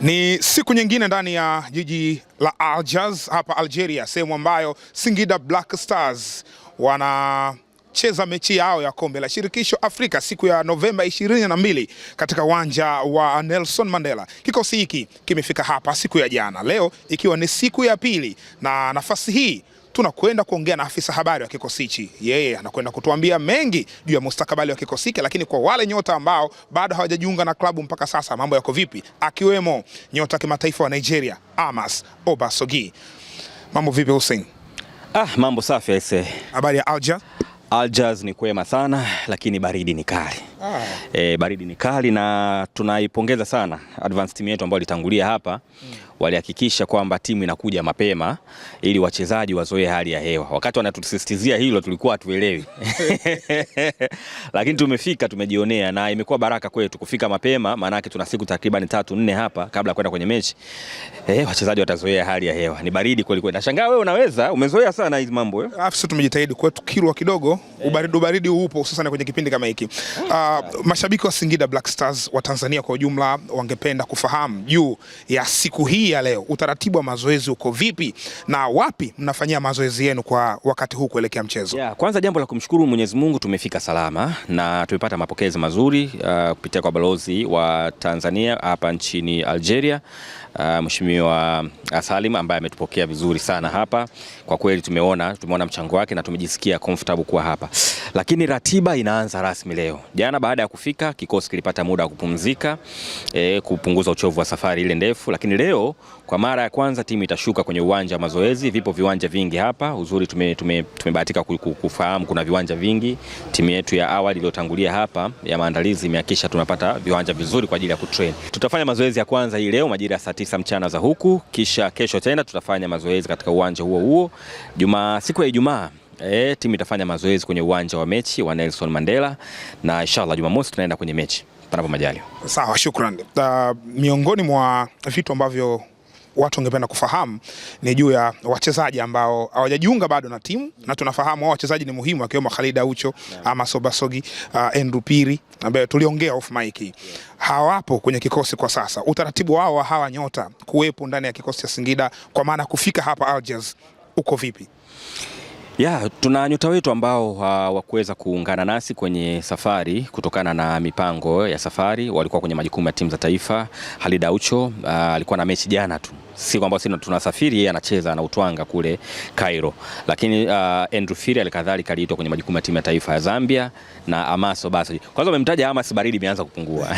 Ni siku nyingine ndani ya jiji la Algiers hapa Algeria, sehemu ambayo Singida Black Stars wanacheza mechi yao ya kombe la shirikisho Afrika siku ya Novemba 22 katika uwanja wa Nelson Mandela. Kikosi hiki kimefika hapa siku ya jana, leo ikiwa ni siku ya pili, na nafasi hii tunakwenda kuongea na afisa habari wa kikosi hichi, yeye anakwenda kutuambia mengi juu ya mustakabali wa kikosi hiki. Lakini kwa wale nyota ambao bado hawajajiunga na klabu mpaka sasa, mambo yako vipi? Akiwemo nyota wa kimataifa wa Nigeria amas Obasogi. Mambo vipi Hussein? Ah, mambo safi aise. Habari ya Alja? Aljaz ni kwema sana lakini baridi ni kali. Ah. E, baridi ni kali na tunaipongeza sana advance team yetu ambayo ilitangulia hapa mm walihakikisha kwamba timu inakuja mapema ili wachezaji wazoee hali ya hewa. Wakati wanatusisitizia hilo tulikuwa hatuelewi lakini tumefika, tumejionea na imekuwa baraka kwetu kufika mapema, maanake tuna siku takriban tatu nne hapa kabla ya kwenda kwenye mechi eh, wachezaji watazoea hali ya hewa. Ni baridi kweli kweli, nashangaa wewe unaweza umezoea sana hizi mambo eh. Afisa ah, tumejitahidi kwetu kirwa kidogo, eh. ubaridi ubaridi upo hususan kwenye kipindi kama hiki. Uh, mashabiki wa Singida Black Stars wa Tanzania kwa ujumla wangependa kufahamu juu ya siku hii hii ya leo, utaratibu wa mazoezi uko vipi na wapi mnafanyia mazoezi yenu kwa wakati huu kuelekea mchezo? Yeah, kwanza jambo la kumshukuru Mwenyezi Mungu tumefika salama na tumepata mapokezi mazuri uh, kupitia kwa balozi wa Tanzania hapa nchini Algeria uh, Mheshimiwa uh, Salim ambaye ametupokea vizuri sana hapa. Kwa kweli tumeona tumeona mchango wake na tumejisikia comfortable kuwa hapa, lakini ratiba inaanza rasmi leo. Jana baada ya kufika, kikosi kilipata muda wa kupumzika eh, kupunguza uchovu wa safari ile ndefu, lakini leo kwa mara ya kwanza timu itashuka kwenye uwanja wa mazoezi. Vipo viwanja vingi hapa, uzuri tumebahatika tume, tume kufahamu kuna viwanja vingi. Timu yetu ya awali iliyotangulia hapa ya maandalizi imehakisha tunapata viwanja vizuri kwa ajili ya kutrain. Tutafanya mazoezi ya kwanza hii leo majira ya saa tisa mchana za huku, kisha kesho tena tutafanya mazoezi katika uwanja huo huo Juma, siku ya Ijumaa e, timu itafanya mazoezi kwenye uwanja wa mechi wa Nelson Mandela na inshallah Jumamosi tunaenda kwenye mechi panapo majali Sawa, shukran Uh, miongoni mwa vitu ambavyo watu wangependa kufahamu ni juu ya wachezaji ambao hawajajiunga bado na timu, na tunafahamu hao wachezaji ni muhimu, akiwemo Khalid Aucho, ama Sobasogi, uh, ah, Andrew Piri ambaye tuliongea off mic, hawapo kwenye kikosi kwa sasa. Utaratibu wao wa hawa nyota kuwepo ndani ya kikosi cha Singida kwa maana kufika hapa Algiers uko vipi? Ya, tuna nyota wetu ambao uh, wakuweza kuungana nasi kwenye safari kutokana na mipango ya safari. Walikuwa kwenye majukumu ya timu za taifa. Halid Aucho uh, alikuwa na mechi jana tu, si kwamba sisi tunasafiri, yeye anacheza na Utwanga kule Cairo. Lakini uh, Andrew Firi alikadhalika aliitwa kwenye majukumu ya timu ya taifa ya Zambia na Amaso Basi. Kwanza umemtaja Amas, baridi imeanza kupungua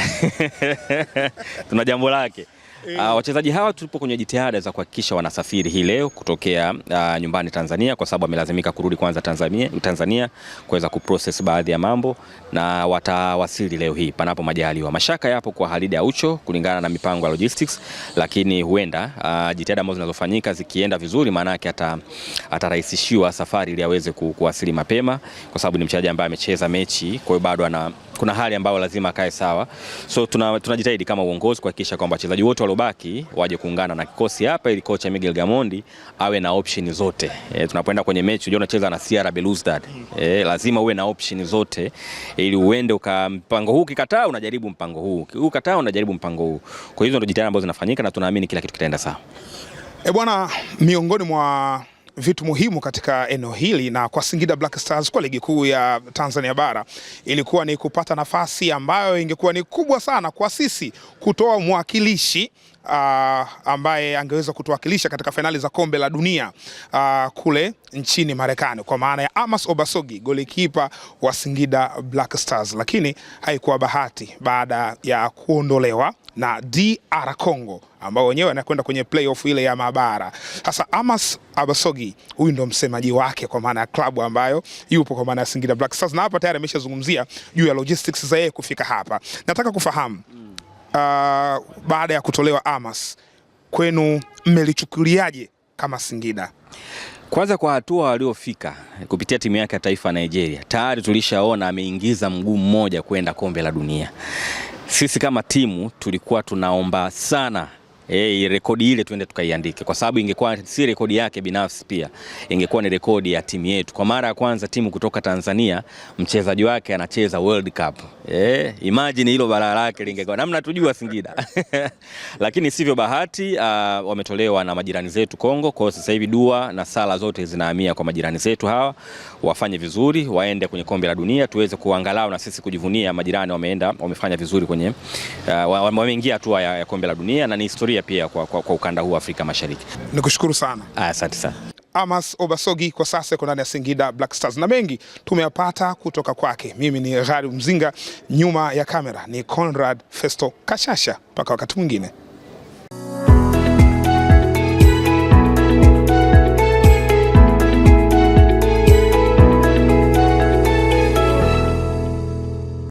tuna jambo lake Uh, wachezaji hawa tupo kwenye jitihada za kuhakikisha wanasafiri hii leo kutokea uh, nyumbani Tanzania kwa sababu wamelazimika kurudi kwanza Tanzania, Tanzania kuweza kuprocess baadhi ya mambo na watawasili leo hii panapo majaliwa. Mashaka yapo kwa Halid Aucho kulingana na mipango ya logistics, lakini huenda uh, jitihada ambazo zinazofanyika zikienda vizuri, maana yake atarahisishiwa safari ili aweze kuwasili mapema, kwa sababu ni mchezaji ambaye amecheza mechi, kwa hiyo bado ana kuna hali ambayo lazima akae sawa. So tunajitahidi tuna kama uongozi kuhakikisha kwamba wachezaji wote waliobaki waje kuungana na kikosi hapa, ili kocha Miguel Gamondi awe na option zote. E, tunapoenda kwenye mechi unajua unacheza na CR Belouizdad. E, lazima uwe na option zote ili uende uka mpango huu kikataa unajaribu mpango huu. Ukikataa unajaribu mpango huu. Kwa hizo ndio jitihada ambazo zinafanyika na tunaamini kila kitu kitaenda sawa. E bwana, miongoni mwa vitu muhimu katika eneo hili na kwa Singida Black Stars kwa ligi kuu ya Tanzania bara ilikuwa ni kupata nafasi ambayo ingekuwa ni kubwa sana kwa sisi kutoa mwakilishi Uh, ambaye angeweza kutuwakilisha katika fainali za kombe la dunia uh, kule nchini Marekani kwa maana ya Amos Obasogi golikipa wa Singida Black Stars, lakini haikuwa bahati baada ya kuondolewa na DR Congo ambao wenyewe anakwenda kwenye playoff ile ya mabara. Sasa amas Abasogi huyu ndo msemaji wake kwa maana ya klabu ambayo yupo kwa maana ya Singida Black Stars, na hapa tayari ameshazungumzia juu ya logistics za yeye kufika hapa. Nataka kufahamu uh, baada ya kutolewa Amas kwenu mmelichukuliaje kama Singida? Kwanza kwa hatua waliofika kupitia timu yake ya taifa Nigeria, tayari tulishaona ameingiza mguu mmoja kwenda kombe la dunia. Sisi kama timu tulikuwa tunaomba sana eh, rekodi ile tuende tukaiandike, kwa sababu ingekuwa si rekodi yake binafsi, pia ingekuwa ni rekodi ya timu yetu. Kwa mara ya kwanza timu kutoka Tanzania mchezaji wake anacheza World Cup eh, imagine hilo balaa lake lingekuwa namna tujua Singida lakini sivyo bahati. Uh, wametolewa na majirani zetu Kongo. Kwa hiyo sasa hivi dua na sala zote zinahamia kwa majirani zetu hawa, wafanye vizuri, waende kwenye kombe la dunia, tuweze kuangalau na sisi kujivunia majirani wameenda, wamefanya vizuri kwenye uh, wameingia hatua ya, ya kombe la dunia na ni historia historia pia kwa, kwa, kwa ukanda huu wa Afrika Mashariki. Nikushukuru sana. Asante sana. amas Obasogi kwa sasa yuko ndani ya Singida Black Stars na mengi tumeyapata kutoka kwake. Mimi ni Gharib Mzinga, nyuma ya kamera ni Conrad Festo Kashasha. Mpaka wakati mwingine.